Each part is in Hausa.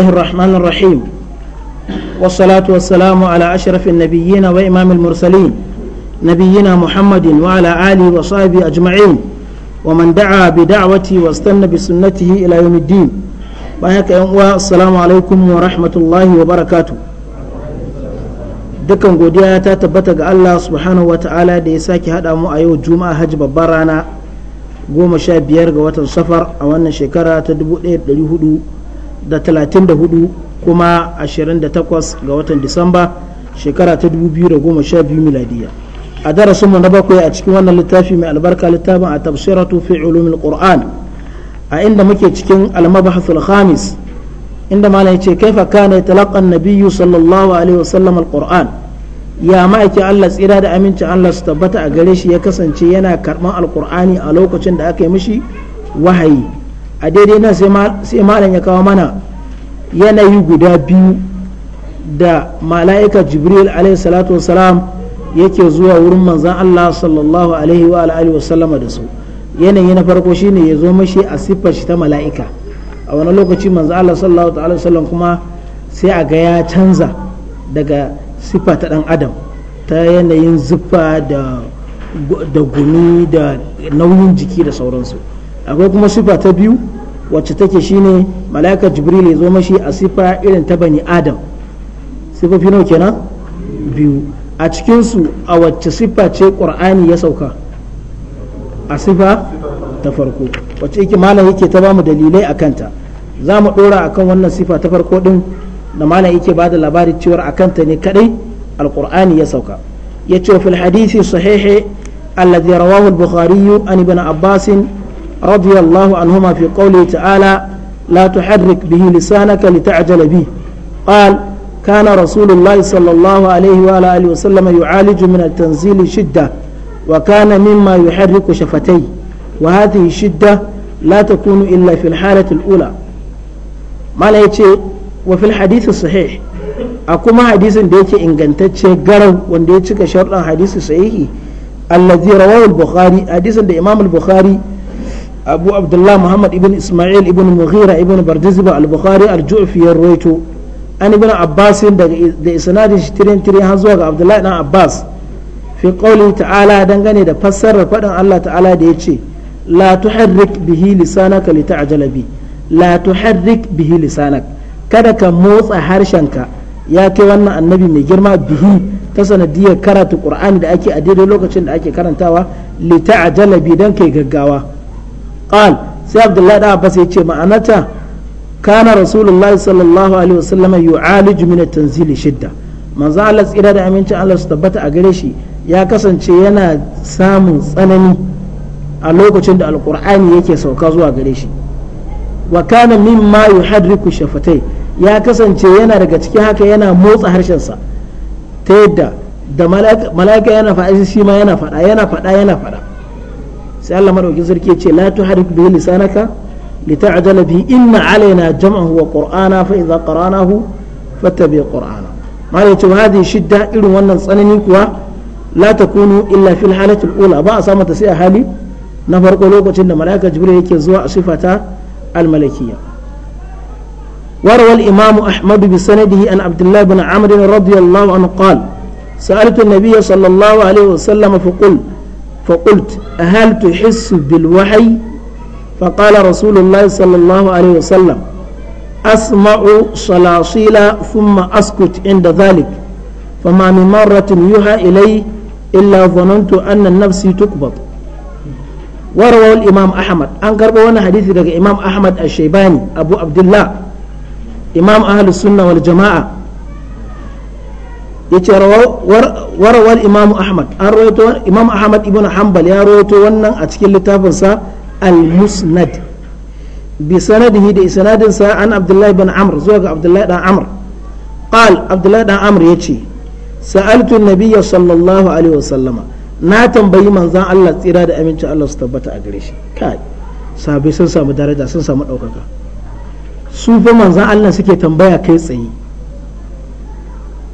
الله الرحمن الرحيم والصلاة والسلام على أشرف النبيين وإمام المرسلين نبينا محمد وعلى آله وصحبه أجمعين ومن دعا بدعوتي واستنى بسنته إلى يوم الدين بارك السلام عليكم ورحمة الله وبركاته dukan godiya ta tabbata ga Allah subhanahu wa ta'ala da ya sake haɗa mu a yau juma'a hajji babbar rana goma sha biyar ga watan safar a wannan shekara ta 1400 da 34 kuma 28 ga watan Disamba shekara ta 2012 miladiya a darasin mu na bakwai a cikin wannan littafi mai albarka littafin a tafsiratu fi ulumil qur'an a inda muke cikin al-mabahathul khamis inda malam yace kaifa kana talaqa an-nabiyyu sallallahu alaihi wasallam al-qur'an ya ma'aiki Allah tsira da aminci Allah su tabbata a gare shi ya kasance yana karɓan alkur'ani a lokacin da aka yi mishi wahayi a daidai nan sai malam ya kawo mana yanayi guda biyu da mala'ika jibril alaihi salatu wasalam yake zuwa wurin manzan allah sallallahu alaihi wa alihi da su yanayi na farko shine ya zo mashi a siffar shi ta mala'ika a wani lokaci manzan allah sallallahu alaihi wasallam kuma sai a ga ya canza daga siffa ta dan adam ta yanayin zuffa da gumi da nauyin jiki da sauransu akwai kuma sifa ta biyu wacce take shine mala'ika jibril ya zo mashi a sifa irin ta bani adam fi nawa kenan biyu a cikinsu a wacce sifa ce qur'ani ya sauka a sifa ta farko wacce yake malam yake ta bamu dalilai akanta zamu za mu ɗora akan wannan sifa ta farko ɗin da malam yake ba da labari cewar a kanta ne kaɗai alqur'ani ya sauka ya ce fil hadisi sahihi alladhi rawahu al-bukhari an ibn abbas رضي الله عنهما في قوله تعالى لا تحرك به لسانك لتعجل به قال كان رسول الله صلى الله عليه وعلى آله وسلم يعالج من التنزيل شدة وكان مما يحرك شفتيه وهذه الشدة لا تكون إلا في الحالة الأولى ما لا وفي الحديث الصحيح أكما حديث ديك إن كنت قرو وان ديك شرطا حديث صحيح الذي رواه البخاري حديث الإمام البخاري abu abdullah muhammad ibn isma'il ibn mughira ibn bardaziba al-bukhari al-ju'fi ya ruwaito an da isnadin shi tirin tirin har zuwa ga abdullah dan abbas fi qawli ta'ala dangane da fassarar fadin allah ta'ala da yace la tuharrik bihi lisanaka lita'jala bi la tuharrik bihi lisanak kada ka motsa harshenka ya kai wannan annabi mai girma bihi ta sanadiyar karatu qur'ani da ake a daidai lokacin da ake karantawa li ta'jala jalabi dan kai gaggawa qal sai abdullahi da abbas ya ce ma'anata kana rasulullahi sallallahu alaihi wasallam yu'aliju min at shidda manzo Allah tsira da amincin Allah su tabbata a gare shi ya kasance yana samun tsanani a lokacin da alkur'ani yake sauka zuwa gare shi wa kana mimma yuhadriku shafatai ya kasance yana daga cikin haka yana motsa harshensa ta yadda da mala'ika yana faɗa shi ma yana faɗa yana faɗa yana faɗa sai Allah madaukin sarki ya ce la tuharik bihi lisanaka lita'jala bihi inna alaina jam'ahu wa qur'ana fa idza qara'nahu fattabi qur'ana malai ya ce hadi shidda irin wannan tsanani kuwa la takunu illa fil halatil ula ba a samu ta sai a hali na farko lokacin da mala'ika jibril yake zuwa a sifata al-malakiyya وروى الإمام أحمد بسنده عن عبد الله بن عمرو رضي الله عنه قال سألت النبي صلى الله عليه وسلم فقل فقلت هل تحس بالوحي فقال رسول الله صلى الله عليه وسلم أسمع صلاصيل ثم أسكت عند ذلك فما من مرة يوحى إلي إلا ظننت أن النفس تقبض وروى الإمام أحمد أن قربوا حديث الإمام أحمد الشيباني أبو عبد الله إمام أهل السنة والجماعة yace warawar imam ahmad an rawaito imam ahmad ibn hanbal ya rawaito wannan a cikin littafinsa al-musnad bi sanadihi da sanadin sa an abdullahi ibn amr zuwa ga abdullahi dan amr qal abdullahi dan amr yace sa'altu an-nabiyya sallallahu alaihi wasallama na tambayi manzan Allah tsira da amincin Allah su tabbata a gare shi kai sabai sun samu daraja sun samu ɗaukaka su fa manzan Allah suke tambaya kai tsaye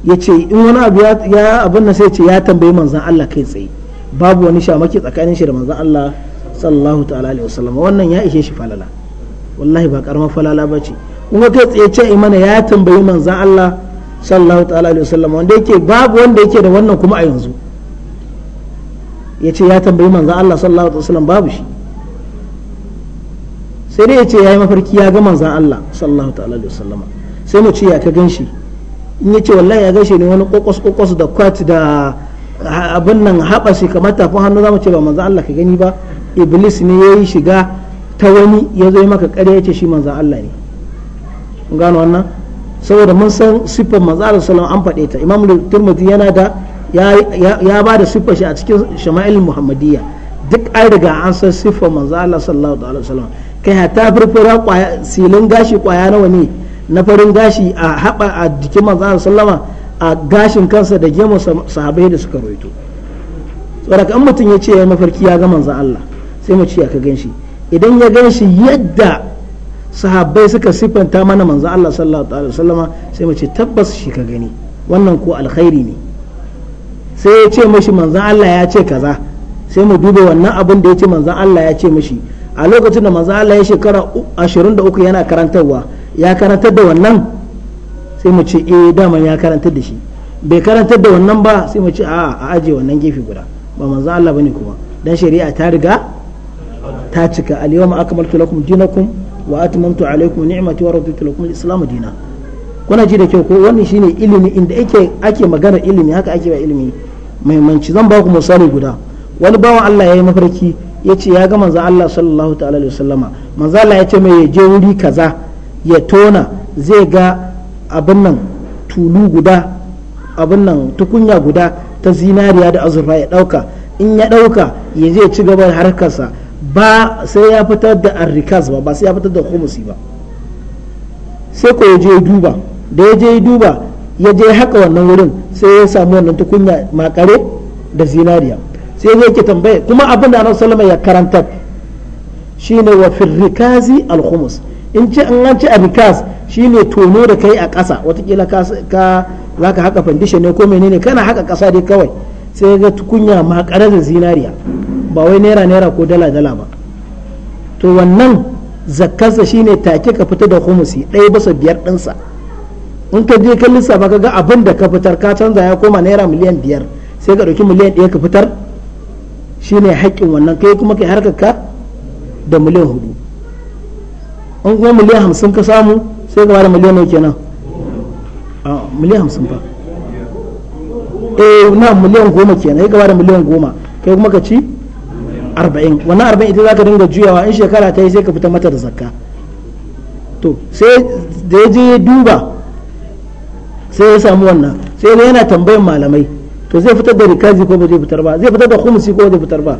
ya ce in wani abu ya abin na sai ce ya tambayi manzan Allah kai tsaye babu wani shamaki tsakanin shi da manzan Allah sallallahu ta'ala alaihi wasallam wannan ya ishe shi falala wallahi ba karamar falala ba ce kuma kai tsaye ce mana ya tambayi manzan Allah sallallahu ta'ala alaihi wasallam wanda yake babu wanda yake da wannan kuma a yanzu ya ce ya tambayi manzan Allah sallallahu ta'ala wasallam babu shi sai dai ya ce ya yi mafarki ya ga manzan Allah sallallahu ta'ala alaihi wasallam sai mu ce ya ka gan shi in ya ce wallahi ya gaishe ne wani kokos kokos da kwat da abin nan haɓa shi kamar tafin hannu zamu ce ba manzan Allah ka gani ba iblis ne ya yi shiga ta wani ya zo maka ƙarya ya ce shi manzan Allah ne gano wannan saboda mun san siffar manzan Allah sallallahu an faɗe ta imam turmudi yana da ya ba da siffar shi a cikin shama'il muhammadiyya duk ai daga an san siffar manzan Allah sallallahu alaihi wasallam kai hatta furfura silin gashi kwaya nawa ne na farin gashi a haɓa a jikin manzo sallama a gashin kansa da gemu sahabai da suka roito tsoraka kan mutum ya ce ya mafarki ya ga manzo Allah sai mu ce ya ka ganshi idan ya ganshi yadda sahabbai suka siffanta mana manzo Allah sallallahu alaihi wasallama sai mu ce tabbas shi ka gani wannan ko alkhairi ne sai ya ce mashi manzan Allah ya ce kaza sai mu duba wannan abin da ya ce manzan Allah ya ce mashi a lokacin da manzan Allah ya shekara 23 yana karantarwa ya karantar da wannan sai mu ce eh dama ya karantar da shi bai karantar da wannan ba sai mu ce a a aje wannan gefe guda ba manzo Allah bane kuma dan shari'a ta riga ta cika al-yawma akmaltu lakum dinakum wa atmamtu alaykum ni'mati wa raditu lakum al-islamu dina kuna ji da kyau ko wannan shine ilimi inda ake ake magana ilimi haka ake ba ilimi mai manci zan ba ku misali guda wani bawan Allah yayi mafarki ya ce ya ga manzo Allah sallallahu ta'ala alaihi wasallama manzo Allah ya ce mai ya je wuri kaza ya tona zai ga abin nan tulu guda abin nan tukunya guda ta zinariya da azurfa ya dauka in ya dauka ya zai ci gaba da harkarsa ba sai ya fitar da arrikas ba ba sai ya fitar da humusi ba sai ko ya je duba da ya je duba ya je haka wannan wurin sai ya samu wannan tukunya makare da zinariya sai zai ke tambaye kuma abin da annabi sallama ya karantar shine wa firrikazi al in ce an an ce abikas ne tono da kai a kasa watakila ka za ka haka fandishin ne ko menene kana haka ƙasa dai kawai sai ga tukunya makare da zinariya ba wai naira naira ko dala dala ba to wannan zakkarsa ne take ka fita da humusi ɗaya bisa biyar ɗinsa in ka je kan lissafa ka ga abin da ka fitar ka canza ya koma naira miliyan biyar sai ka ɗauki miliyan ɗaya ka fitar shi ne haƙƙin wannan kai kuma kai harkar ka da miliyan hudu in kuma miliyan hamsin ka samu sai ka bada miliyan nawa kenan miliyan hamsin ba eh na miliyan goma kenan sai ka bada miliyan goma kai kuma ka ci arba'in wannan arba'in ita za ka dinga juyawa in shekara ta yi sai ka fita mata da zakka to sai da ya je duba sai ya samu wannan sai ne yana tambayan malamai to zai fitar da rikazi ko ba zai fitar ba zai fitar da khumsi ko ba zai fitar ba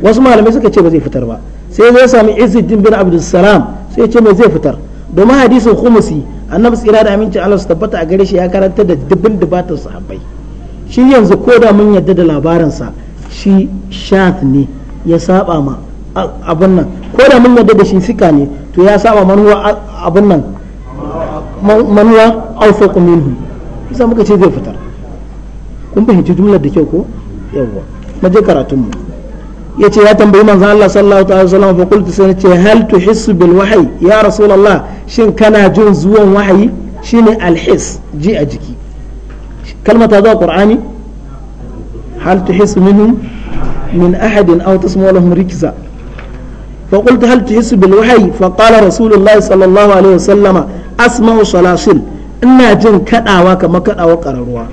wasu malamai suka ce ba zai fitar ba sai zai sami izzuddin bin abdulsalam sai ce mai zai fitar domin hadisin khumusi annabi tsira da aminci Allah su tabbata a gare shi ya karanta da dubin dubatar sahabbai shi yanzu ko da mun yadda da labarinsa shi shaf ne ya saba ma abin nan ko da mun yadda da shi sika ne to ya saba manuwa abin nan manuwa aufaqu minhu isa muka ce zai fitar kun fahimci jumlar da kyau ko yawwa maje karatunmu yace ya tambayi manzon Allah sallallahu alaihi wasallam fa qultu sai ce hal tuhissu bil wahyi ya rasulullah shin kana jin zuwan wahayi shine al his ji a jiki kalma ta zuwa qur'ani hal tuhissu minhum min ahadin aw tasma'u lahum rikza hal هل تحس بالوحي فقال رسول الله صلى الله عليه وسلم أسمع صلاشل إنا جن كدعوا كما كدعوا قرروا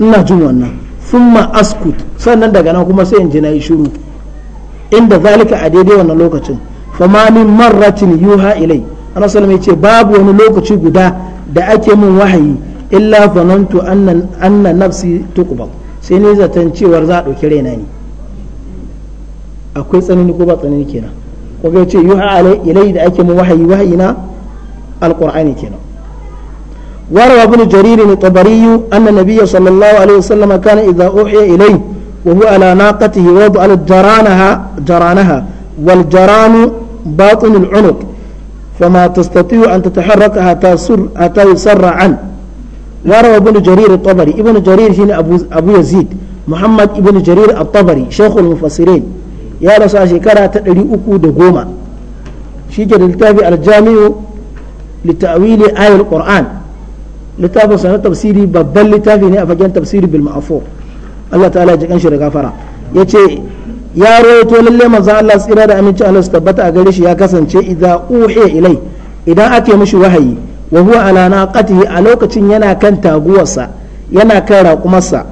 إنا جن wannan summa askut sannan daga nan kuma sai in ji nayi shiru inda zalika a daidai wannan lokacin fa ma min marratin yuha ilai ana sallama ce babu wani lokaci guda da ake min wahayi illa zanantu anna nafsi tuqbal sai ne zaton cewar za a dauki raina ne akwai tsanani ko ba tsanani kenan ko ga ce yuha ilai da ake min wahayi wahayi na alqur'ani kenan وروى ابن جرير الطبري أن النبي صلى الله عليه وسلم كان إذا أوحي إليه وهو على ناقته وضع جرانها جرانها والجران باطن العنق فما تستطيع أن تتحرك حتى سر حتى يسر عنه وروى ابن جرير الطبري ابن جرير هنا أبو, أبو يزيد محمد ابن جرير الطبري شيخ المفسرين يا رسول شكرا تدري أكو دقوما شيجر التابع الجامع لتأويل آية القرآن littafin sa na tafsiri babban littafi ne a fagen tafsiri bil ma'afu Allah ta'ala ya jikan shi da gafara yace ya rawaito lalle manzo Allah tsira da aminci Allah su tabbata a gare shi ya kasance idza uhiya ilai idan ake mishi wahayi wa huwa ala naqatihi a lokacin yana kan taguwarsa yana kan raƙumarsa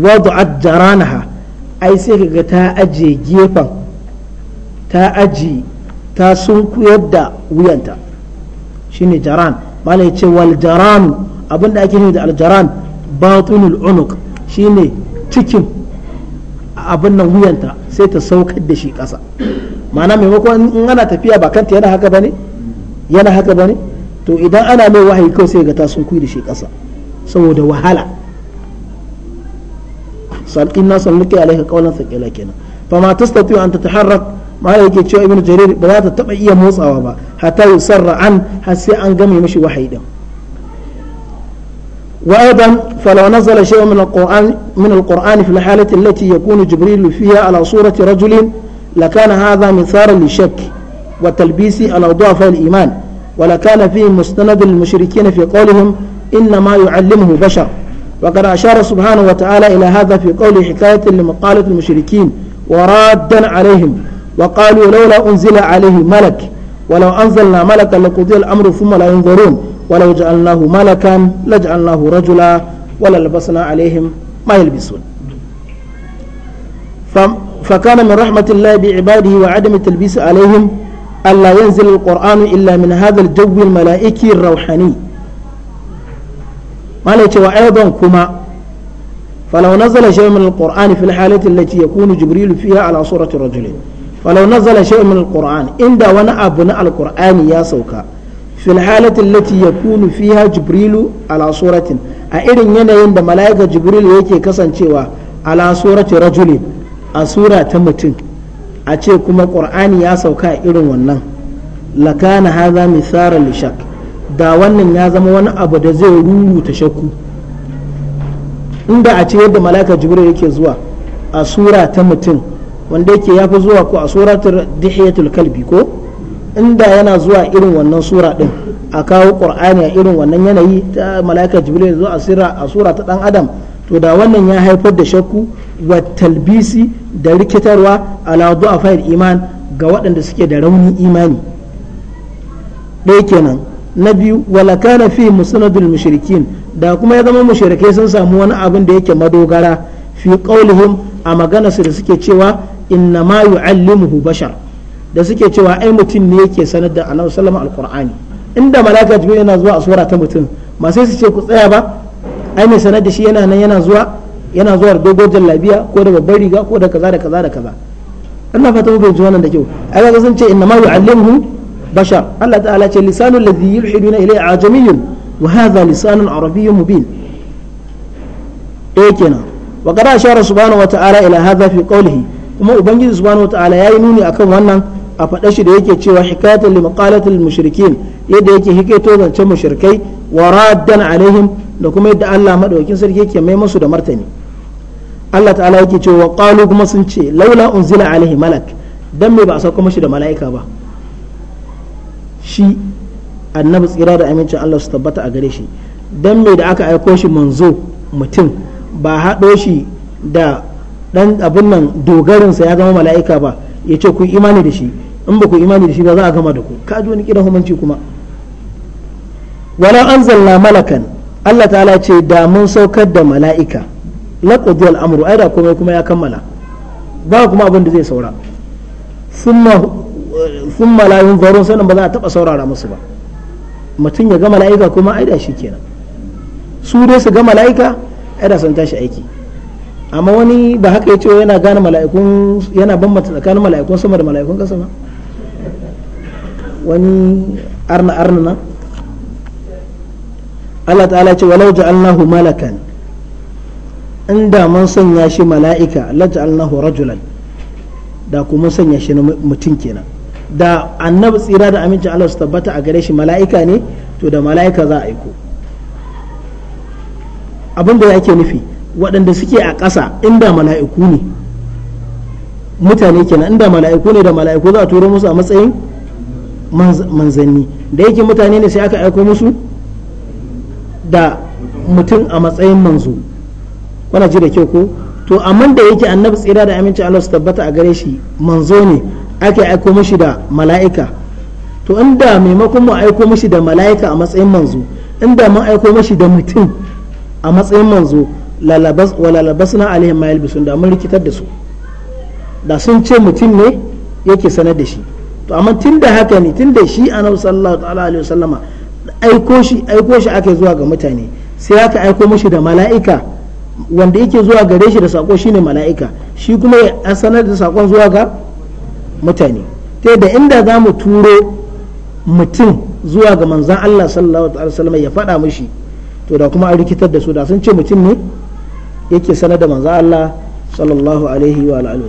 wadu'at jaranaha ai sai kaga ta aje gefen ta aji ta kuyar da wuyanta shine jaran malai ce wal jaranu abin da ake nufi da aljaran batunul unuk shine cikin abin nan wuyanta sai ta saukar da shi ƙasa ma'ana maimakon in ana tafiya ba kanta yana haka bane yana haka bane to idan ana mai wahayi kawai sai ga ta sun da shi ƙasa saboda wahala salƙin na salluki alaika ƙaunar saƙila kenan fa ma tastati an tataharrak ma yake cewa ibnu jarir ba za ta taba iya motsawa ba hatta yusarra an har sai an game mishi wahayi din وأيضا فلو نزل شيء من القرآن من القرآن في الحالة التي يكون جبريل فيها على صورة رجل لكان هذا مثار للشك وتلبيس على ضعف الإيمان ولكان فيه مستند للمشركين في قولهم إنما يعلمه بشر وقد أشار سبحانه وتعالى إلى هذا في قول حكاية لمقالة المشركين ورادا عليهم وقالوا لولا أنزل عليه ملك ولو أنزلنا ملكا لقضي الأمر ثم لا ينظرون ولو جعلناه ملكا لجعلناه رجلا وللبسنا عليهم ما يلبسون فكان من رحمة الله بعباده وعدم التلبيس عليهم ألا ينزل القرآن إلا من هذا الجو الملائكي الروحاني ما وأيضا كما فلو نزل شيء من القرآن في الحالة التي يكون جبريل فيها على صورة رجلين falau nazala shay'un min alquran inda wani abu na alqur'ani ya sauka fil halati allati yakunu fiha jibrilu ala suratin a irin yanayin da mala'ika jibril yake kasancewa ala surati rajulin a sura ta mutum a ce kuma qur'ani ya sauka a irin wannan lakana hadha misara li shak da wannan ya zama wani abu da zai ruruta shakku inda a ce yadda mala'ika jibril yake zuwa a sura ta mutum wanda yake ya fi zuwa ko a suratul dihiyatul kalbi ko inda yana zuwa irin wannan sura din a kawo qur'ani a irin wannan yanayi ta malaika jibril zuwa zo a sura ta dan adam to da wannan ya haifar da shakku wa talbisi da rikitarwa ala du'afa'il iman ga waɗanda suke da rauni imani ɗaya kenan na biyu wala kana fi musnadul mushrikin da kuma ya zama mushrikai sun samu wani abin da yake madogara fi qaulihim a magana su da suke cewa inna ma yu'allimuhu bashar da suke cewa ai mutum ne yake sanar da annabi sallama alqur'ani inda malaka jibril yana zuwa a sura ta mutum ma sai su ce ku tsaya ba ai mai sanar da shi yana nan yana zuwa yana zuwa da dogon jallabiya ko da babbar riga ko da kaza da kaza da kaza ina fata mun ji wannan da kyau ai ga sun ce inna ma yu'allimuhu bashar Allah ta'ala ce lisanul ladhi yulhiduna ilayhi ajamiyyun wa hadha lisanun arabiyyun mubin eh kenan wa qad shara subhanahu wa ta'ala ila hadha fi qawlihi kuma ubangiji subhanahu wataala yi nuni akan wannan a faɗa shi da yake cewa hikayatan li maqalatil mushrikin yadda yake hikayato zancen mushrikai wa raddan alaihim da kuma yadda Allah madaukin sarki yake mai musu da martani Allah ta'ala yake cewa qalu kuma sun ce laula unzila alaihi malak dan me ba a sauko mashi da mala'ika ba shi annabi tsira da aminci Allah su tabbata a gare shi dan me da aka aiko shi manzo mutum ba haɗo shi da dan abin nan dogarin sa ya zama mala'ika ba ya ce ku imani da shi in ba ku imani da shi ba za a gama da ku ka ji wani kiran hukunci kuma walau anzalna malakan Allah ta'ala ce da mun saukar da mala'ika laqad al-amru ai da komai kuma ya kammala ba kuma abin da zai saura thumma thumma la yunzarun sanan ba za a taba saurara musu ba mutum ya ga mala'ika kuma ai da shi kenan su dai su ga mala'ika ai da sun tashi aiki amma wani ba haka ya ce yana gane mala'ikun yana bambanta tsakanin mala'ikun sama da mala'ikun kasa ba wani arna arna na Allah ta'ala ce walau ja'alnahu malakan inda mun sanya shi mala'ika la ja'alnahu rajulan da kuma sanya shi na mutum kenan da annabi tsira da aminci Allah su tabbata a gare shi mala'ika ne to da mala'ika za a aiko abin da yake nufi waɗanda suke a ƙasa inda mala'iku ne mutane kenan inda mala'iku ne da mala'iku za a turo musu a matsayin manzanni da yake mutane ne sai aka aiko musu da mutum a matsayin manzo kuna ji da kyau ko to amma da yake annabi tsira da aminci Allah su tabbata a gare shi manzo ne ake aiko mishi da mala'ika to inda maimakon mu aiko mishi da mala'ika a matsayin manzo inda mun aiko mishi da mutum a matsayin manzo lalabasna labasna alaihim ma yalbisun da mun rikitar da su da sun ce mutum ne yake sanar da shi to amma tun da haka ne tun da shi annabi sallallahu alaihi wasallama aiko shi aiko shi aka zuwa ga mutane sai aka aiko mushi da mala'ika wanda yake zuwa gare shi da sako shine mala'ika shi kuma ya sanar da sakon zuwa ga mutane ta da inda za mu turo mutum zuwa ga manzan Allah sallallahu alaihi ya faɗa mishi to da kuma an rikitar da su da sun ce mutum ne yake sanar da manzo Allah sallallahu alaihi wa alihi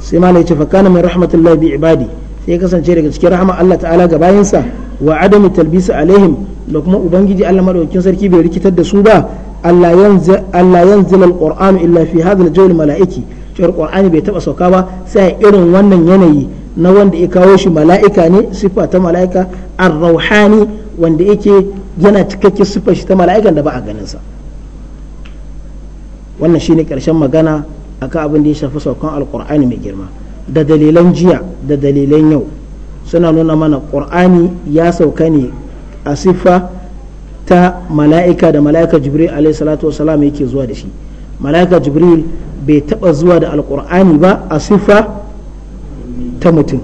sai ma ne ce fa kana min rahmatullahi bi ibadi sai kasance daga cikin rahama Allah ta'ala ga bayansa wa adami talbisa alaihim da kuma ubangiji Allah madaukakin sarki bai rikitar da su ba Allah yanzil Allah yanzil alquran illa fi hadha aljawl malaiki cewar qur'ani bai taba sauka ba sai irin wannan yanayi na wanda ya kawo shi mala'ika ne siffa ta mala'ika ar-rauhani wanda yake yana cikakken siffar shi ta mala'ikan da ba a ganin sa wannan shine karshen magana akan abin da ya shafi saukan alkur'ani mai girma da dalilan jiya da dalilan yau suna nuna mana qur'ani ya sauka ne a siffa ta mala'ika da mala'ika jibril alayhi salatu wasalam yake zuwa da shi mala'ika jibril bai taba zuwa da alkur'ani ba a siffa ta mutum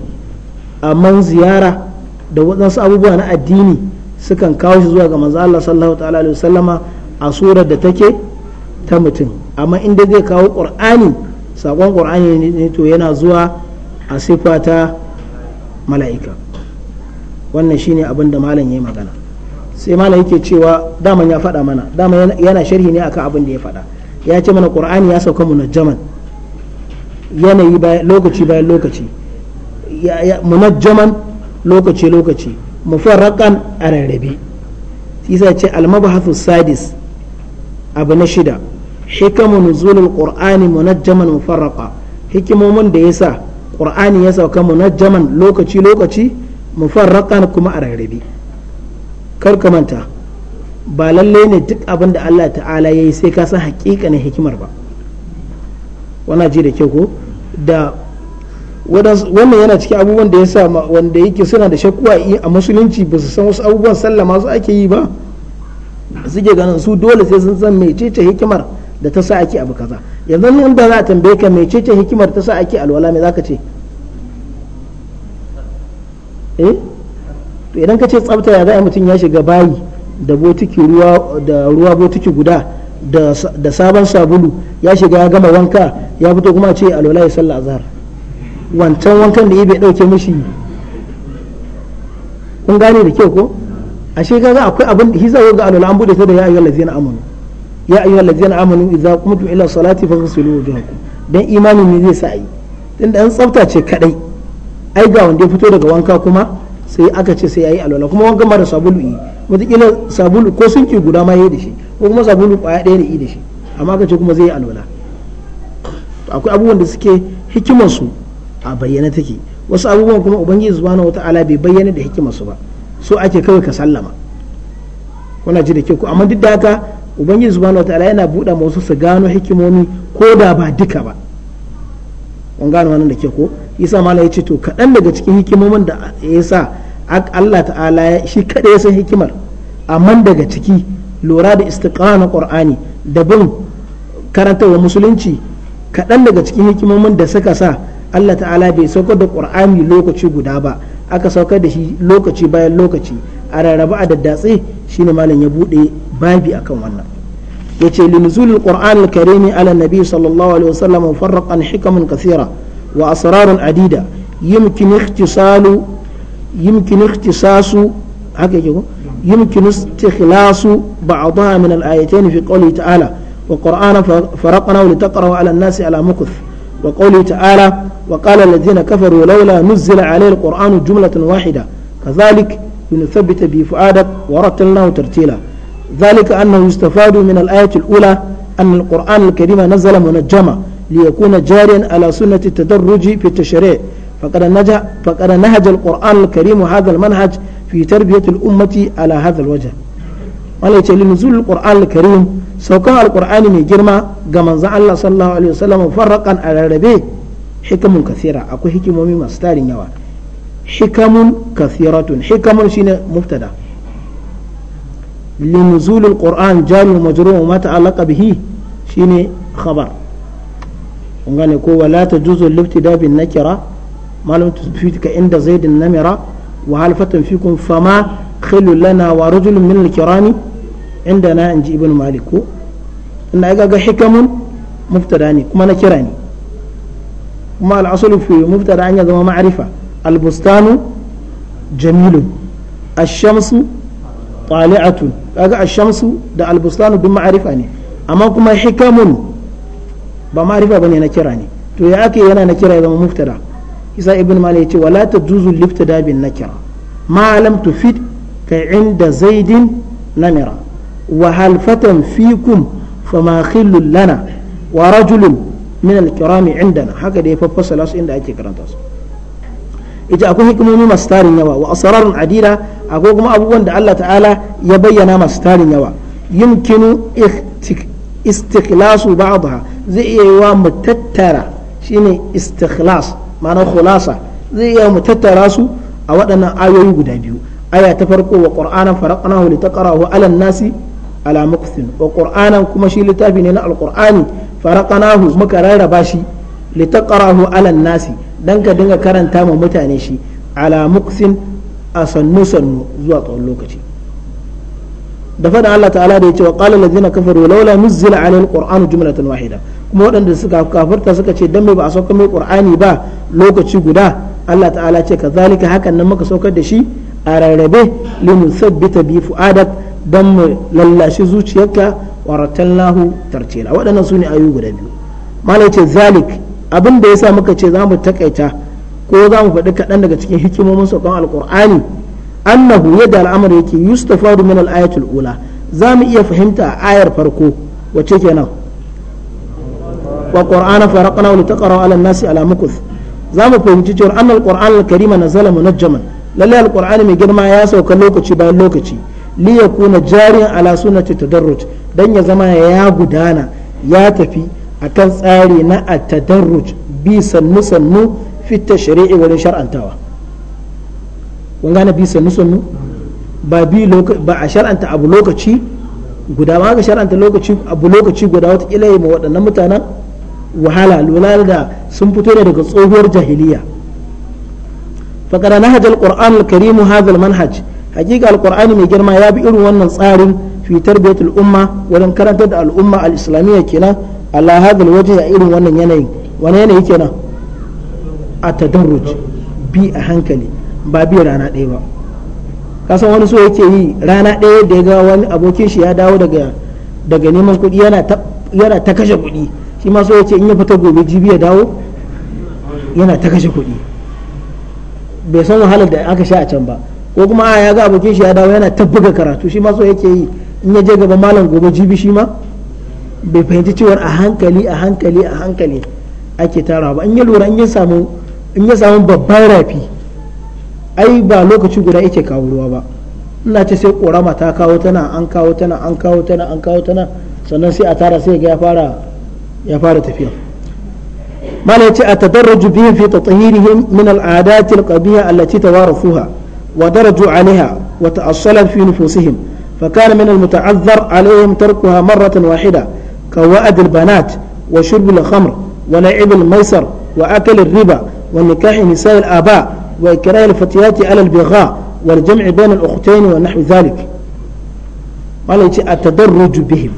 amma ziyara da waɗansu abubuwa na addini sukan kawo shi zuwa ga manzo Allah sallallahu ta'ala alaihi wasallama a surar da take ta mutum amma inda zai kawo ƙur'ani saƙon ƙur'ani ne to yana zuwa a sifa ta mala'ika wannan shine abin da malam ya magana sai malam yake cewa daman ya faɗa mana daman yana sharhi ne akan abin da ya faɗa ya ce mana ƙur'ani ya sauka munajjaman yanayi lokaci bayan lokaci munajjaman lokaci lokaci mufarraqan a rarrabe sai ce al sadis abu na shida hikamu nuzulul qur'ani munajjaman mufarraqa hikimomin da yasa qur'ani ya sauka munajjaman lokaci lokaci mufarraqan kuma a rarrabe kar ka manta ba lalle ne duk abin da Allah ta'ala yayi sai ka san hakikanin hikimar ba wana ji da kyau ko da wannan yana cikin abubuwan da yasa wanda yake suna da shakkuwa a musulunci ba su san wasu abubuwan sallama su ake yi ba suke ganin su dole sai sun san mai mecece hikimar da ta sa ake abu kaza yanzu da za a tambaye ka mece ce hikimar ta sa ake alwala me ka ce eh to idan ka ce tsabta ya za mutum ya shiga bayi da botiki ruwa da ruwa botiki guda da sabon sabulu ya shiga ya gama wanka ya fito kuma ce alwala ya sallah azhar wancan wankan da ya bai dauke mishi kun gane da kyau ko ashe kaga akwai abin da hizawo ga alwala an bude ta da ya ayyuhal ladzina amanu ya ayyuha allazina amanu idza qumtum ila salati faghsilu wujuhakum dan imani ne zai sa yi dan dan tsafta ce kadai ai ga wanda ya fito daga wanka kuma sai aka ce sai yayi alwala kuma wanka mara sabulu yi wataƙila sabulu ko sun ki guda ma yayi da shi ko kuma sabulu kwaya ɗaya da yi da shi amma aka ce kuma zai yi alwala akwai abubuwan da suke hikimar su a bayyana take wasu abubuwan kuma ubangiji subhanahu wataala bai bayyana da hikimar su ba so ake kawai ka sallama wannan ji da ke ku amma duk da haka ubangiji subhanahu wataala yana buɗa masu su gano hikimomi ko da ba duka ba kun gano wannan da ke ko isa mala ya ce to kaɗan daga cikin hikimomin da ya sa Allah ta'ala shi kaɗai ya san hikimar amma daga ciki lura da istiqana qur'ani da bin karantarwa musulunci kaɗan daga cikin hikimomin da suka sa Allah ta'ala bai saukar da qur'ani lokaci guda ba aka saukar da shi lokaci bayan lokaci a rarraba a daddatse shi ne malam ya buɗe babi akan wannan ya ce linzul al-qur'an al-karimi ala nabi sallallahu alaihi wasallam mufarraqan hikamun kathira wa asrarun adida yumkin ikhtisalu yumkin ikhtisasu haka yake ko yumkin istikhlasu ba'daha min al-ayatayn fi qawli ta'ala wa qur'ana farqana li taqra'u ala an-nasi ala mukth wa qawli ta'ala وقال الذين كفروا لولا نزل عليه القرآن جملة واحدة كذلك لنثبت به فؤادك ورتلناه ترتيلا ذلك أنه يستفاد من الآية الأولى أن القرآن الكريم نزل منجما ليكون جاريا على سنة التدرج في التشريع فقد نجح فقد نهج القرآن الكريم هذا المنهج في تربية الأمة على هذا الوجه وليس لنزول القرآن الكريم سوكا القرآن من جرما كما زعل الله صلى الله عليه وسلم فرقا على ربيه حكم كثيرة أكو حكم مما ستارين يوان hikamun kathiratun hikamun shine mubtada لنزول القرآن جار ومجرور mata تعلق به شيني خبر ungane ko wala ta juzo dabin na kira malam tufika inda zaidin namira wa halfatan fikum fama khilu lana wa rajulun min al-kirami inda na inji ibn malik ina ga ga hikamun mubtada ne kuma na kira kuma al-aslu fi mubtada an ya zama ma'rifa albustanu jamilu ashamsu tali'atun kaga ashamsu da albustanu duk ma'arifa ne amma kuma hikamun ba ma'arifa bane na kira ne to ya ake yana na kira zama muftada isa ibn malik ya ce wala tajuzu liftada bin nakira ma lam tufid ka inda zaidin namira wa hal fatan fikum fama khillul lana wa rajulun min al-kirami indana haka da ya faffasa lasu inda ake karanta su yace akwai hikimomi masu tarin yawa wa asrarun adida akwai kuma abubuwan da Allah ta'ala ya bayyana masu tarin yawa yumkinu istikhlasu ba'daha zai iya yiwa mu tattara shine istikhlas ma'ana khulasa zai iya mu tattara su a waɗannan ayoyi guda biyu aya ta farko wa qur'ana faraqnahu litaqrahu 'ala nasi ala wa qur'anan kuma shi littafi ne na alqur'ani faraqnahu muka rarraba shi litaqrahu 'ala nasi dan ka dinga karanta ma mutane shi ala muksin a sannu sannu zuwa tsawon lokaci da faɗin Allah ta'ala da ya ce wa qala allazina kafaru laula nuzila alal jumla jumlatan wahida kuma waɗanda suka kafarta suka ce dan me ba a sauka mai qur'ani ba lokaci guda Allah ta'ala ce kazalika hakan nan muka saukar da shi a rarrabe ta bi fu'adat dan mu lallashi zuciyarka wa ratallahu tartila waɗannan su ne ayu guda biyu malai ce zalik abin da sa muka ce za mu takaita ko za mu faɗi kaɗan daga cikin hikimomin saukan alƙur'ani annahu yadda al'amar yake yustafadu min al-ayatul ula za mu iya fahimta a ayar farko wacce kenan wa qur'ana faraqna li taqra'u 'ala an-nasi 'ala za mu fahimci cewa anna al-qur'an al-karim nazala munajjaman lalle al mai girma ya sauka lokaci bayan lokaci li yakuna jariyan ala sunnati tadarruj dan ya zama ya gudana ya tafi akan tsari na at-tadarruj bi sannu sannu fi tashri'i wurin shar'antawa kun gane bi sannu sannu ba a shar'anta abu lokaci guda ba ga shar'anta lokaci abu lokaci guda wata kila yi ma waɗannan mutanen wahala lura da sun fito ne daga tsohuwar jahiliya faƙada na hajjal ƙur'an al-karimu hazal manhaj hakika alƙur'ani mai girma ya bi irin wannan tsarin fitar tarbiyatul umma wurin karantar da al'umma al-islamiyya kenan ala hada waje a irin wannan yanayin wani yanayi kenan a tadarruj bi a hankali ba bi rana ɗaya ba kasan wani so yake yi rana ɗaya da ya ga wani abokin shi ya dawo daga daga neman kuɗi yana ta kashe kuɗi shi ma so yake in ya fita gobe jibi ya dawo yana ta kashe kuɗi bai san wahalar da aka sha a can ba ko kuma a ya ga abokin shi ya dawo yana ta buga karatu shi ma so yake yi in ya je gaba malam gobe jibi shi ma bai fahimci cewar a hankali a hankali a hankali ake tara ba in ya lura in ya samu babban rafi ai ba lokaci guda yake kawo ruwa ba ina ce sai korama ta kawo tana an kawo tana an kawo tana an kawo tana sannan sai a tara sai ga ya fara ya fara tafiya malai ce a tadarraju bihim fi tatahirihim min al'adati al-qabiha allati tawarafuha wa daraju 'alayha wa ta'assalat fi nufusihim فكان من المتعذر عليهم تركها مرة واحدة كوائد البنات وشرب الخمر ولعب الميسر وأكل الربا ونكاح نساء الآباء وإكراه الفتيات على البغاء والجمع بين الأختين ونحو ذلك قال أتدرج بهم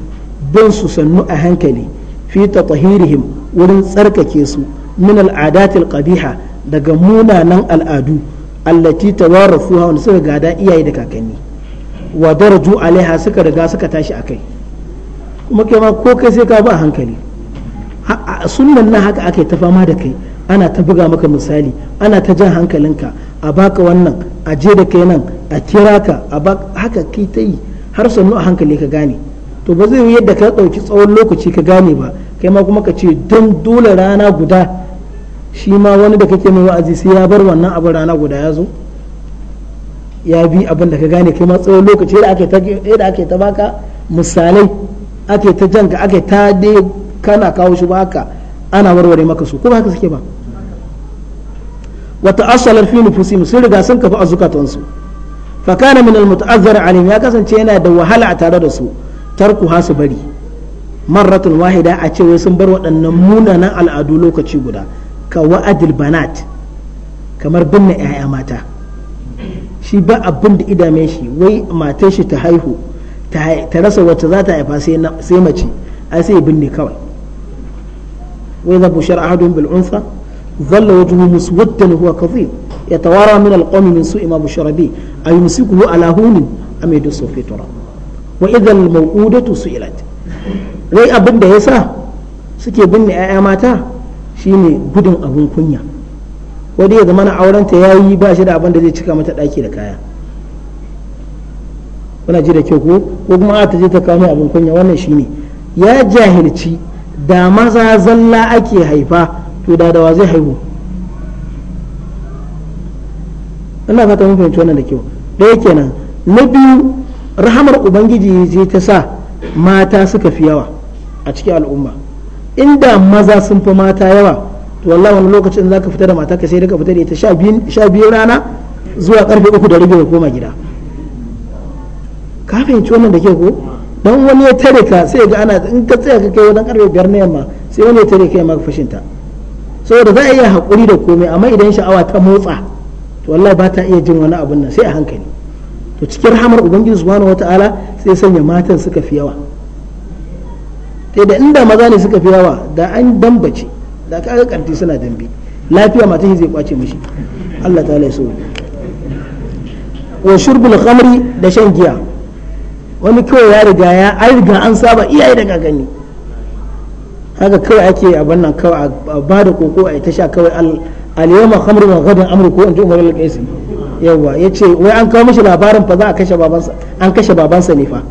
بنس سنو أهنكلي في تطهيرهم ولن سرك كيسو من العادات القبيحة دقمونا نن الآدو التي توارثوها ونسوها قادا إياي دكاكني ودرجوا عليها سكر قاسك تاشي أكي kuma kai ma ko kai sai ka ba hankali sunnan na haka ake ta fama da kai ana ta buga maka misali ana ta jan hankalinka a baka wannan a je da kai nan a kira ka a baka haka kai ta yi har sannu a hankali ka gane to ba zai yi yadda ka ɗauki tsawon lokaci ka gane ba kai ma kuma ka ce don dole rana guda shi ma wani da kake mai wa'azi sai ya bar wannan abin rana guda ya zo ya bi abin da ka gane kai ma tsawon lokaci da ake ta baka misalai ake ta janka ake ta dai kana kawo shi ba haka ana warware maka su kuma ba haka suke ba wata asalar fi nufusihim sun riga sun kafa azukatansu fa kana min almuta'azzar alim ya kasance yana da wahala a tare da su tarku su bari marratun wahida a ce wai sun bar waɗannan munanan al'adu lokaci guda ka wa'adil banat kamar binne 'ya'ya mata shi ba abin da idame shi wai matar shi ta haihu ta rasa wacce za ta haifa sai mace ai sai binne kawai wai za bushar ahadun bil unsa ظل وجهه مسودا وهو كظيم يتوارى من القوم من سوء ما بشر به أيمسكه على هون أم يدسه wa تراب وإذا الموءودة سئلت rai abin da ya sa suke binne 'ya'ya mata shine gudun abin kunya wanda ya zama na aurenta ya yi ba shi da abin da zai cika mata ɗaki da kaya kuna ji da ke ko ko kuma a ta je ta kawo abin kunya wannan shine ya jahilci da maza zalla ake haifa to da dawa zai haihu ina fata mun fahimci wannan da kyau ɗaya kenan na biyu rahamar ubangiji zai ta sa mata suka fi yawa a cikin al'umma inda maza sun fi mata yawa to wallahi wani lokacin za ka fita da mata ka sai ka fita da ita sha biyu rana zuwa karfe uku da rabi ya koma gida ka fahimci wannan da ke ko don wani ya tare ka sai ga ana in ka tsaya ka kai wajen karfe biyar na yamma sai wani ya tare ka maka fashinta saboda za a iya haƙuri da komai amma idan sha'awa ta motsa to wallahi ba ta iya jin wani abun nan sai a hankali to cikin rahamar ubangiji subhanahu wataala sai sanya matan suka fi yawa sai da inda maza ne suka fi yawa da an dambace da kaga karti suna dambe lafiya shi zai kwace mishi Allah ta ya so wa shurbul khamri da shan giya wani kawai ya riga ya an riga an saba iyaye daga gani haka kawai ake a nan kawai a ba da koko a ita sha kawai al-yawma khamrun wa gadan amru ko inji umar al-qaisi yawa yace wai an kawo mishi labarin fa za a kashe babansa an kashe babansa ne fa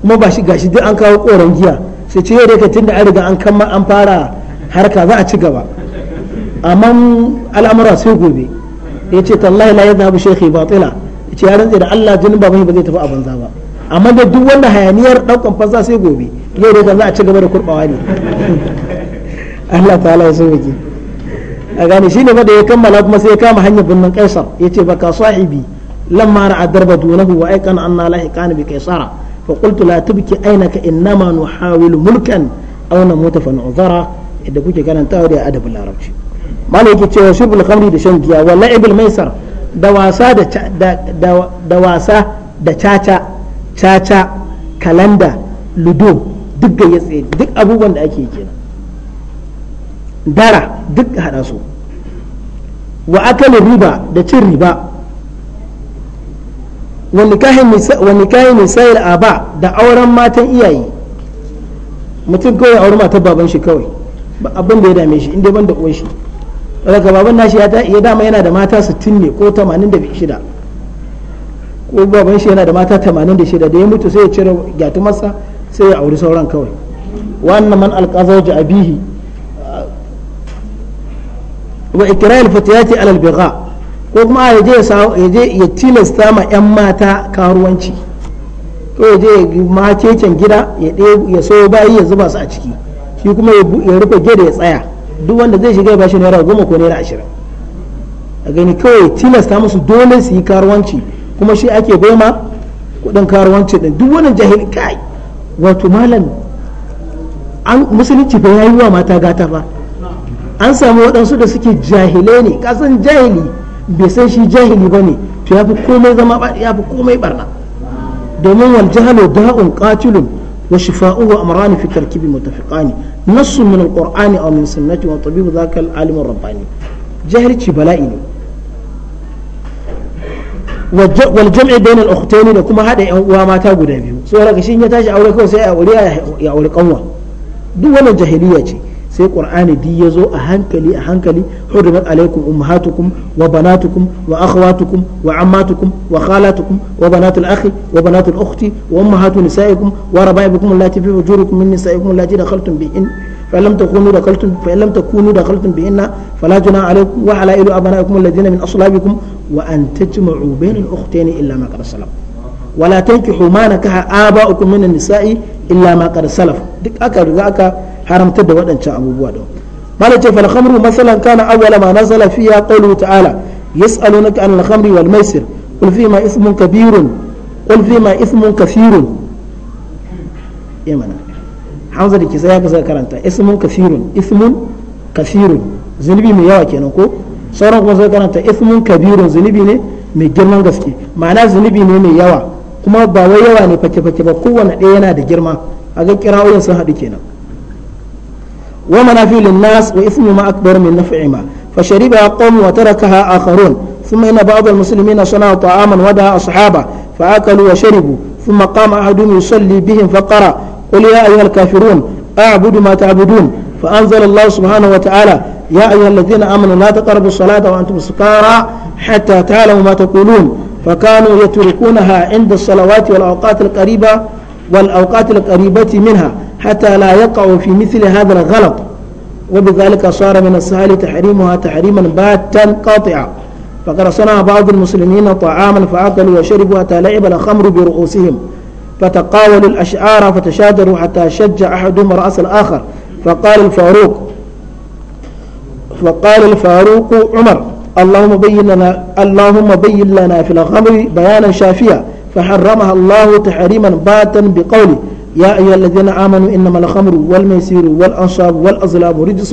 kuma ba shi gashi duk an kawo koran giya sai ce yau dai tunda an riga an kama an fara harka za a ci gaba amma al'amura sai gobe yace tallahi la yadhabu shaykhi batila yace ya rantse da Allah jinin baban ba zai tafi a banza ba amma da duk wannan hayaniyar dan kwamfan sai gobe yau da za a ci gaba da kurbawa ne Allah ta'ala ya sauke a gane shine fa da ya kammala kuma sai ya kama hanyar birnin kaisar yace baka sahibi lamma ra'a darba dunahu wa aikana anna lahiqana bi kaisara fa qultu la tubki aynaka innama nuhawilu mulkan aw namuta fa nu'zara idan kuke karantawa da adabul larabci malai yake cewa shubul khamri da shan giya wa la'ibul maisar da wasa da da wasa da caca caca kalanda ludo duk gayya tsaye duk abubuwan da ake kenan dara duk hada su wa akalin riba da cin riba wa nikahin a aba da auren matan iyaye mutum kawai auren matan baban shi kawai abin da ya dame shi inda ban da uwan shi daga baban nashi ya dama yana da mata 60 ne ko 86 ko baban shi yana da mata tamanin da shida da ya mutu sai ya cire gyatumarsa sai ya auri sauran kawai wannan man alqazawj abihi wa ikra'il fatiyati ala albigha ko kuma a yaje ya tilasta ma yan mata karuwanci ko ya je ma keken gida ya ya so bayi ya zuba su a ciki shi kuma ya rufe gida ya tsaya duk wanda zai shiga ya bashi naira goma ko naira ashirin a gani kawai tilasta musu dole su yi karuwanci kuma shi ake goma kudin karuwanci din duk wannan jahil kai wato malam an musulunci ba yayi wa mata gata fa an samu waɗansu da suke jahilai ne kasan jahili bai san shi jahili ba ne to yafi komai zama yafi komai barna domin wal jahalu da'un qatilun wa shifa'uhu amran fi tarkibi mutafiqani nassun min alqur'ani aw min sunnati wa tabibu dhaka al rabbani jahilci bala'i ne wal jam'i bainal ukhtaini da kuma hada yan uwa mata guda biyu so daga shi ya tashi aure kawai sai ya aure ya aure kanwa duk wannan jahiliya ce sai qur'ani di ya zo a hankali a hankali hudumat alaikum ummahatukum wa banatukum wa akhawatukum wa ammatukum wa khalatukum wa banatul akhi wa banatul ukhti wa ummahatu nisaikum wa rabaibukum allati fi hujurikum min nisaikum allati dakhaltum bihin فلم تكونوا دخلتم فإن لم تكونوا دخلتم بهن فلا جناح عليكم وحلائل أبنائكم الذين من أصلابكم wa an tajma'u bainal ukhtayn illa ma salaf wala tankihu ma nakaha aba'ukum minan nisa'i illa ma salaf duk aka riga aka haramta da waɗancan abubuwa din bala ce fal khamru masalan kana awwala ma nazala fiha qawlu ta'ala yas'alunaka anil khamri wal maisir qul hamza da kisa ya karanta zunubi mai yawa kenan ko sauran kuma sai karanta ismun kabirun zunubi ne mai girman gaske ma'ana zunubi ne mai yawa kuma ba wai yawa ne fake fake ba kowane ɗaya yana da girma a ga kirawoyin sun haɗu kenan wa manafi lin nas wa ismu ma akbar min naf'i ma fa shariba qawm wa tarakaha akharun thumma inna ba'd al muslimina sana'a ta'aman wa da'a ashaba fa akalu wa sharibu thumma qama ahadun yusalli bihim fa qara qul ya ayyuhal kafirun a'budu ma ta'budun فأنزل الله سبحانه وتعالى يا أيها الذين آمنوا لا تقربوا الصلاة وأنتم سكارى حتى تعلموا ما تقولون فكانوا يتركونها عند الصلوات والأوقات القريبة والأوقات القريبة منها حتى لا يقعوا في مثل هذا الغلط وبذلك صار من السهل تحريمها تحريما باتا قاطعا فقد صنع بعض المسلمين طعاما فأكلوا وشربوا حتى لعب الخمر برؤوسهم فتقاولوا الأشعار فتشادروا حتى شج أحدهم رأس الآخر فقال الفاروق فقال الفاروق عمر اللهم بين لنا اللهم بين لنا في الخمر بيانا شافيا فحرمها الله تحريما باتا بقوله يا أيها الذين آمنوا إنما الخمر والميسير والأنصاب والأزلام رجس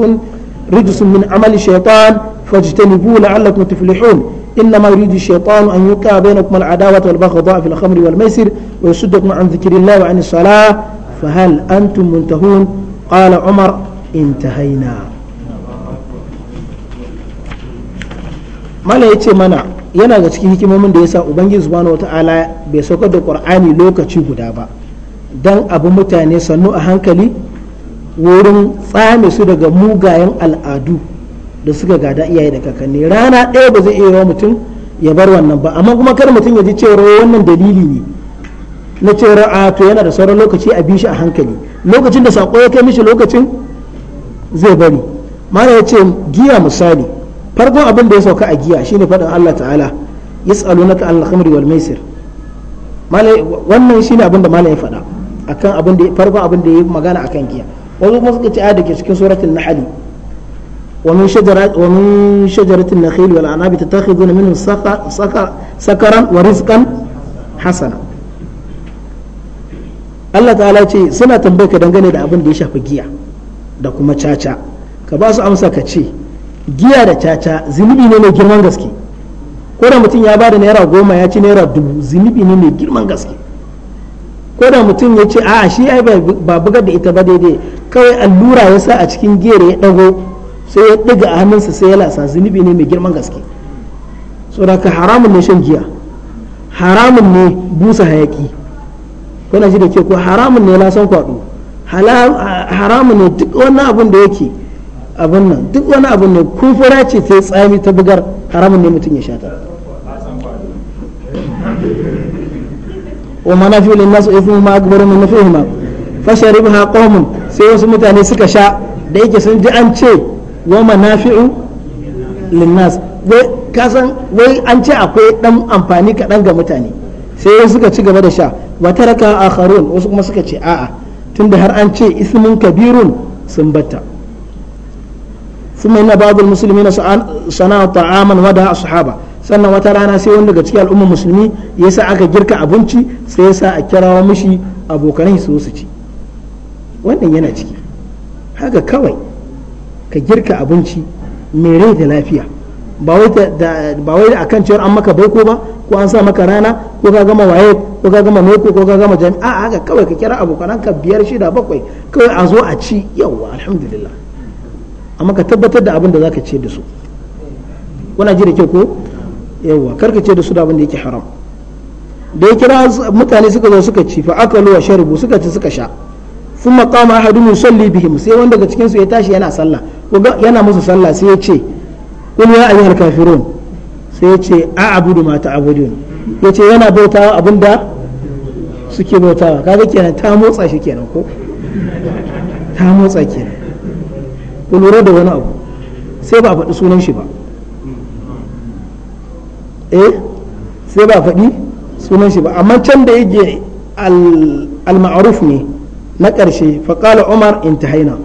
رجس من عمل الشيطان فاجتنبوه لعلكم تفلحون إنما يريد الشيطان أن يوقع بينكم العداوة والبغضاء في الخمر والميسر ويصدكم عن ذكر الله وعن الصلاة فهل أنتم منتهون قال عمر انتهينا mala ya ce mana yana ga cikin hikimomin da ya sa ubangiji subhanahu wata'ala bai saukar da qur'ani lokaci guda ba don abu mutane sannu a hankali wurin tsame su daga mugayen al'adu da suka gada iyaye da kakanni rana ɗaya ba zai iya mutum ya bar wannan ba amma kuma kar mutum ya ji cewa wannan dalili ne na ce ra'a to yana da sauran lokaci a bi shi a hankali lokacin da sako ya kai mishi lokacin zai bari mana ya ce giya misali farkon abin da ya sauka a giya shine faɗin Allah ta'ala yas'alunaka al khamri wal maisir wannan shine abin da malai ya faɗa akan abin da farkon abin da ya magana akan giya wasu kuma suka ce a dake cikin suratul nahl ومن شجرة ومن شجرة النخيل والأعناب تتخذون منه سكرا ورزقا حسنا Allah ta'ala ce suna tambayar ka dangane da abin da ya shafi giya da kuma caca ka ba su amsa ka ce giya da caca zunubi ne mai girman gaske ko da mutum ya ba da naira goma ya ci naira dubu zunubi ne mai girman gaske ko da mutum ya ce a shi ai ba bugar da ita ba daidai kawai allura ya sa a cikin giyar ya dago sai ya ɗiga a hannunsa sai ya lasa zunubi ne mai girman gaske saboda ka haramun ne shan giya haramun ne busa hayaki kuna ji da ke ko haramun ne lasan kwaɗo haramun ne duk wani abun da yake abin nan duk wani abun ne fara ce ta tsami ta bugar haramun ne mutum ya sha ta wa mana fi lin nasu ithmu ma akbaru min nafihima fa sharibaha qaumun sai wasu mutane suka sha da yake sun ji an ce wa manafi'u lin nas wai kasan wai an ce akwai ɗan amfani kaɗan ga mutane sai wasu suka ci gaba da sha wa a akharun wasu kuma suka ce a'a tunda har an ce ismin kabirun sun batta ثم إن na المسلمين صنعوا طعاما wada الصحابة sannan wata rana sai wani daga cikin al'ummar musulmi ya sa aka girka abinci sai ya sa a kirawo mishi abokanai su su ci wannan yana ciki haka kawai ka girka abinci mai rai da lafiya ba wai da akan cewar an maka baiko ba ko an sa maka rana ko ka gama waye ko ka gama note ko ka gama jami'a haka kawai ka kira abokanan ka biyar shida bakwai kawai a zo a ci yawa alhamdulillah amma ka tabbatar da abin da zaka ce da su kuna ji da kyau ko yawa karka ce da su da abin da yake haram da ya kira mutane suka zo suka ci fa akalu wa sharibu suka ci suka sha sun maqama ahadun yusalli bihim sai wanda daga cikin su ya tashi yana sallah yana musu sallah sai ya ce qul ya ayyuhal kafirun sai ya ce a abudu ma ta'budun ce yana bautawa abinda suke bautawa kaga kenan ta motsa shi kenan ko ta motsa kenan ku lura da wani abu sai ba a faɗi sunan shi ba eh sai ba a faɗi sunan shi ba amma can da yake al-ma'ruf ne na ƙarshe faƙala umar intahaina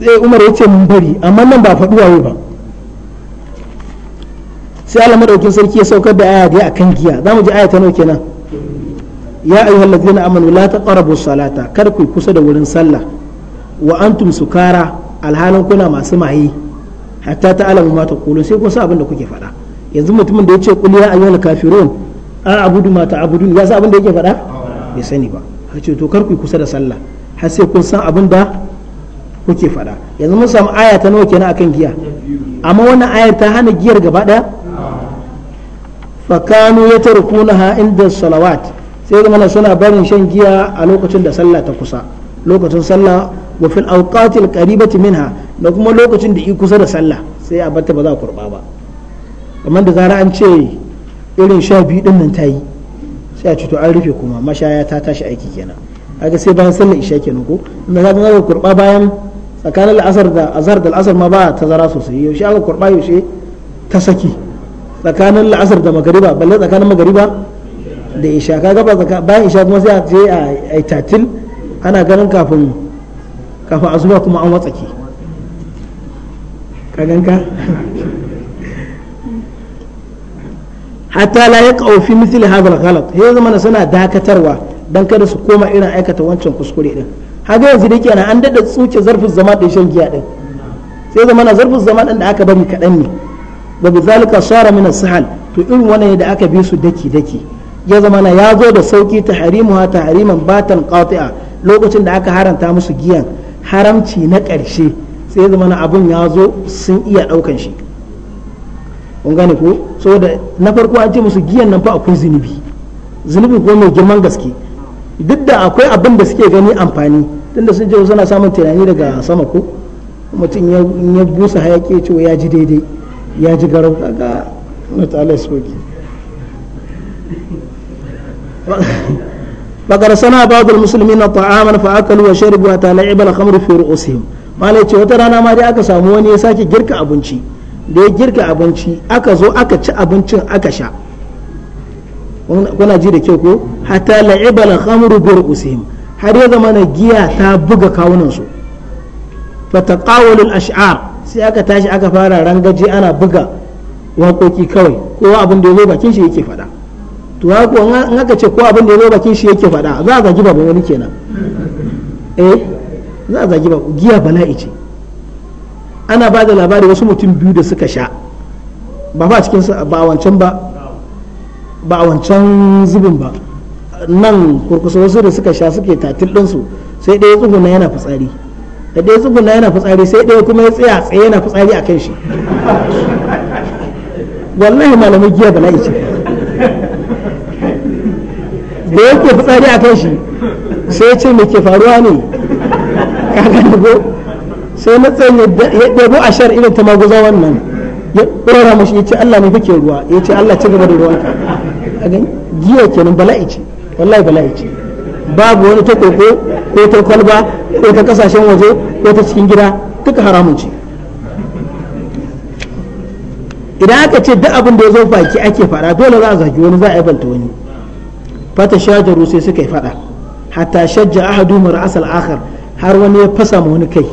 sai umar ya ce mun bari amma nan ba faɗi waye ba sai da madaukin sarki ya saukar da aya a kan giya za mu ji aya ta nawa kenan ya ayyuhal ladzina amanu la taqrabu salata kar ku kusa da wurin sallah wa antum sukara alhalin kuna masu maye hatta ta'lamu ma taqulun sai kun san abin da kuke faɗa yanzu mutumin da yace qul ya ayyuhal kafirun a abudu ma ta'budun ya san abin da yake faɗa bai sani ba kar ku kusa da sallah sai kun san da kuke faɗa yanzu mun samu aya ta nawa kenan akan giya amma wannan aya ta hana giyar gaba daya fakanu yatarkunaha inda salawat sai zama suna barin shan giya a lokacin da sallah ta kusa lokacin sallah wa fil awqatil qaribati minha da kuma lokacin da i kusa da sallah sai a batta ba za a kurba ba amma da zara an ce irin sha biyu din nan tayi sai a ci to an rufe kuma mashaya ta tashi aiki kenan kaga sai bayan sallar isha kenan ko inda za ka kurba bayan tsakanin al'asar da azhar da al'asar ma ba zara sosai yaushe aka kurba yaushe ta saki tsakanin al'asar da magariba balle tsakanin magariba da isha kaga ba zaka bayan isha kuma sai a je a tatil ana ganin kafin kafin asuba kuma an watsake ka ganka hatta la yaqau fi mithl hadha al-ghalat ya zama suna dakatarwa dan kada su koma irin aikata wancan kuskure din haga yanzu da kenan an dada tsuke zarfin zama da shan giya din sai zama na zarfin zama din da aka bari kadan ne wa bizalika sara min as-sahal to irin wannan da aka bi su daki daki ya zama na ya zo da sauki ta harimuha ta hariman batan qati'a lokacin da aka haranta musu giyan haramci na ƙarshe sai ya zama na abun ya zo sun iya ɗaukan shi kun gane ko saboda na farko an ce musu giyan nan fa akwai zunubi zunubi ko mai girman gaske duk da akwai abin da suke gani amfani tunda sun je suna samun tunani daga sama ko mutum ya busa hayaki ya ce ya ji daidai ya ji garau kaga na ta'ala soki فقد صنع بعض المسلمين طعاما فاكلوا وشربوا حتى لعب الخمر في رؤوسهم malai ce wata rana ma dai aka samu wani ya sake girka abinci da ya girka abinci aka zo aka ci abincin aka sha kuna ji da kyau ko hata la'iba la khamru bi ru'usihim har ya zama na giya ta buga kawunan su fa taqawalu al ash'ar sai aka tashi aka fara rangaji ana buga waƙoƙi kawai kowa abin da ya bakin shi yake faɗa to ga ko in aka ce ko abin da ya zo bakin shi yake faɗa za a zagi babu wani kenan eh za a zagi babu giya bala'i ce ana ba da labari wasu mutum biyu da suka sha ba fa cikin ba wancan ba ba wancan zubin ba nan kurkusa wasu da suka sha suke tatil ɗinsu sai ɗaya tsuguna yana fitsari da ɗaya tsuguna yana fitsari sai ɗaya kuma ya tsaya tsaye yana fitsari a kan shi wallahi malamai giya bala'i ce da yake fitsari a kan shi sai ce me ke faruwa ne kaga go sai matsayin ya ɗebo a shar irin ta maguza wannan ya ɗora mashi ya ce Allah ne fike ruwa ya ce Allah ci gaba da ka a gani giya kenan bala'i ce wallahi bala'i ce babu wani ta koko ko ta kwalba ko ta kasashen waje ko ta cikin gida duka haramun ce idan aka ce duk abin da ya zo baki ake fara dole za a zagi wani za a balta wani fata shajaru sai suka yi fada hatta shajja ahadu mar'asal akhar har wani ya fasa mu wani kai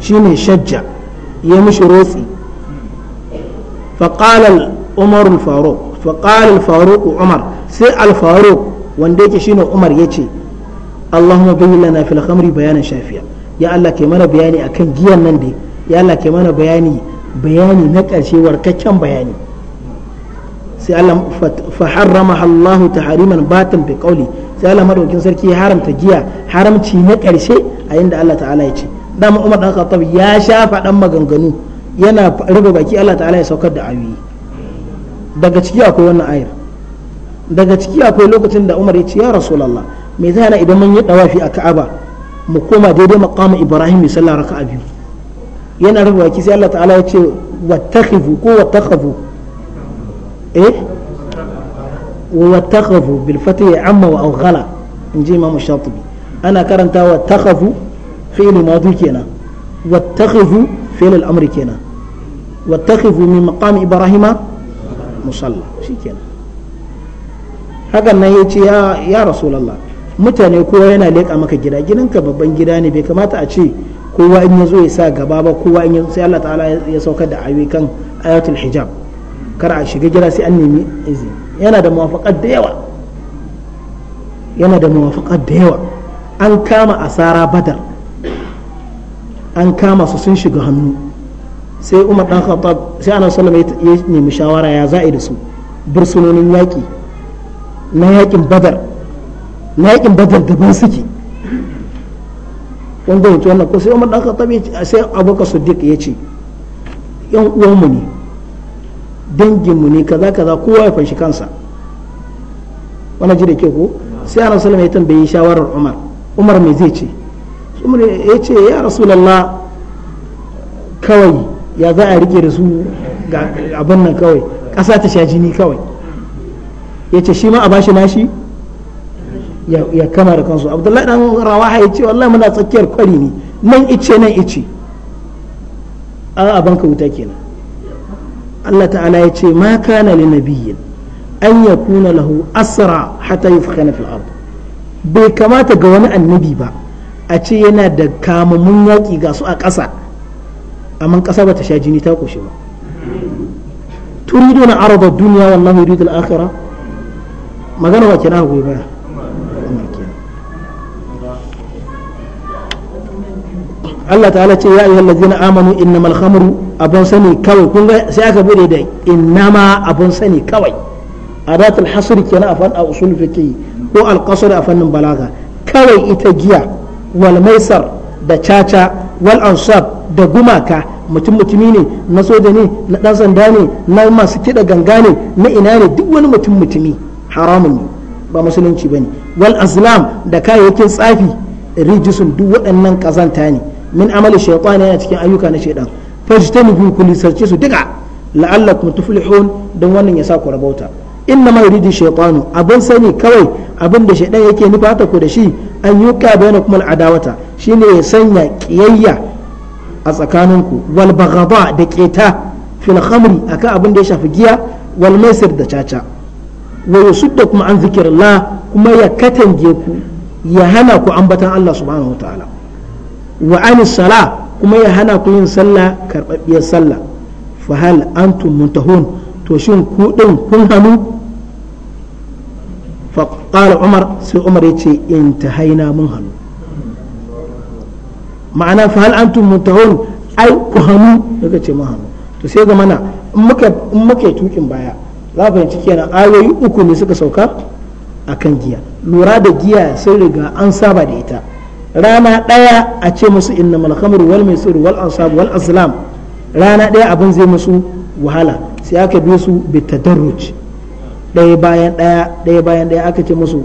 shine shajja ya mishi rotsi faqala umar al-faruq faqala al-faruq umar sai al-faruq wanda yake shine umar yace allahumma bayyin lana fil khamri bayanan shafiya ya Allah ke mana bayani akan giyan nan da ya Allah ke mana bayani bayani na ƙarshe warkakken bayani sai Allah fa harramaha Allah tahriman batan bi qawli sai Allah madaukin sarki ya haramta giya haramci na karshe a inda Allah ta'ala ya ce dama Umar dan Khattab ya sha faɗan maganganu yana ruba baki Allah ta'ala ya saukar da ayoyi daga ciki akwai wannan ayar daga ciki akwai lokacin da Umar ya ce ya Rasulullah me zai hana idan mun yi dawafi a Ka'aba mu koma daidai maqamin Ibrahim sallallahu raka'a biyu yana ruba baki sai Allah ta'ala ya ce wattakhfu ko wattakhafu e wa takhafu bil amma wa awghala in ji imam ana karanta wa takhafu fi'l madi kenan wa takhafu fi'l al-amr min maqam ibrahima musalla hakan yace ya ya rasulullah mutane kowa yana leƙa maka gida gidanka babban gida ne bai kamata a ce kowa in ya zo ya sa gaba ba kowa in ya sai Allah ta'ala ya saukar da ayyukan ayatul hijab kar a shiga gida sai an nemi izini yana da mawafaƙar da yawa yana da mawafaƙar da yawa an kama asara badar an kama su sun shiga hannu sai umar dan khattab sai anan sallama ya nemi shawara ya za'i da su bursunonin yaƙi na yaƙin badar na yaƙin badar da ban suke wanda yanzu wannan ko sai umar dan khattab sai abubakar siddiq ya ce yan uwanmu ne mu ne kaza kaza kowa ya fanshi kansa wannan ji da ke ko sai ana sallallahu ya tambayi shawarar Umar Umar mai zai ce Umar ya ce ya Rasulullah kawai ya za a rike da su ga abin nan kawai ƙasa ta sha jini kawai ya ce shi ma a bashi nashi ya kama da kansu abdullahi dan rawaha ya ce wallahi muna tsakiyar kwari ne nan ice nan ice a banka wuta kenan Allah ta'ala ya ce ma kana li nabiyyin an yakuna lahu asra hatta yufkhana fil ard bai kamata ga wani annabi ba a ce yana da kamamun yaƙi ga su a ƙasa amma ƙasa ba ta sha jini ta koshe ba na araba duniya wallahu yuridu al-akhirah magana ba kina goyi baya Allah ta'ala ce ya ayyuhal ladzina amanu innamal khamru abun sani kawai kun ga sai aka bude da innama abun sani kawai adatul hasr kenan a fan a usul fiqh ko al qasr a fannin balaga kawai ita giya wal maisar da caca wal ansab da gumaka mutum mutumi ne na soja ne na dan sanda ne na masu kiɗa ganga ne na ina ne duk wani mutum mutumi haramun ne ba musulunci bane wal azlam da kayayyakin tsafi rijisun duk waɗannan kazanta ne min amali shaytan yana cikin ayyuka na shaytan fajtanibu ku lisarce su duka la'allakum tuflihun don wannan ya sa ku rabauta inna ma yuridu shaytanu abin sani kawai abin da shaytan yake nufa ta ku da shi an yuka bainakum al'adawata shine ya sanya kiyayya a tsakaninku wal baghada da keta fil khamri akan abin da ya shafi giya wal maisir da caca wa kuma an zikrillah kuma ya katange ku ya hana ku ambatan Allah subhanahu wata'ala ta'ala wa an sala kuma ya hana ku yin sallah karɓaɓɓiyar sallah fa hal antum muntahun to shin ku din kun hannu fa qala umar sai umar yace intahaina mun hannu ma'ana fa hal antum muntahun ai ku hannu daga ce mun hannu to sai ga mana in muka in muka tukin baya za ku fahimci kenan ayoyi uku ne suka sauka akan giya lura da giya sai riga an saba da ita rana ɗaya a ce musu inna malhamur wal maisur wal ansab wal azlam rana ɗaya abin zai musu wahala sai aka bi su bitadarruj ɗaya bayan ɗaya ɗaya bayan ɗaya aka ce musu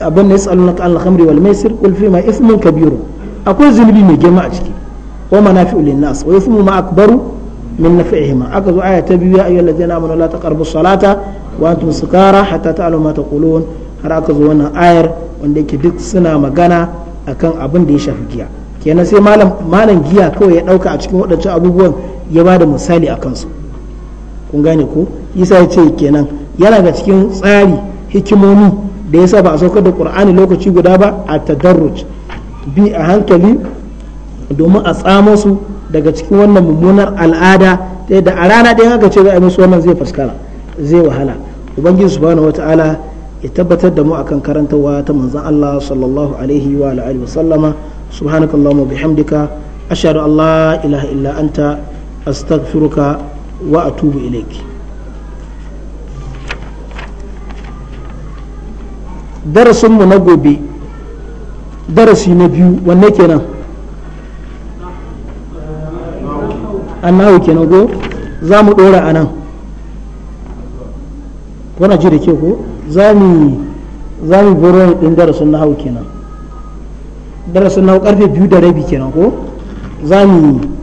abin da yasalunaka al khamri wal maisir qul fi ma kabiru akwai zunubi mai girma a ciki wa manafi'u lin nas wa ithmu ma akbaru min nafi'ihima aka zo aya ta biyu ya ayyuhal ladzina amanu la taqrabu salata wa antum sukara hatta ta'lamu ma taqulun har aka zo wannan ayar wanda yake duk suna magana akan abin da ya shafi giya kenan sai malam giya kawai ya dauka a cikin waɗancan abubuwan ya ba da misali a kansu kun gane ko isa ya ce kenan yana ga cikin tsari hikimomi da yasa ba a saukar da qur'ani lokaci guda ba a tadarruj bi a hankali domin a tsamo su daga cikin wannan mummunar al'ada ta yadda a rana ɗaya haka ce ga a yi musu wannan zai fuskara zai wahala ubangiji subhanahu wataala ya tabbatar da mu akan karantarwa ta manzan Allah sallallahu alaihi wa alihi wa sallama subhanakallahumma bihamdika ashhadu an la ilaha illa anta astaghfiruka wa atubu ilaik darasinmu na gobe darasi na biyu wanne kenan annahu kenan go za mu dora a nan kuna ji da ke ko za mu boro ɗin darasin na hau kenan darasin na hau karfe biyu da rabi kenan ko za mu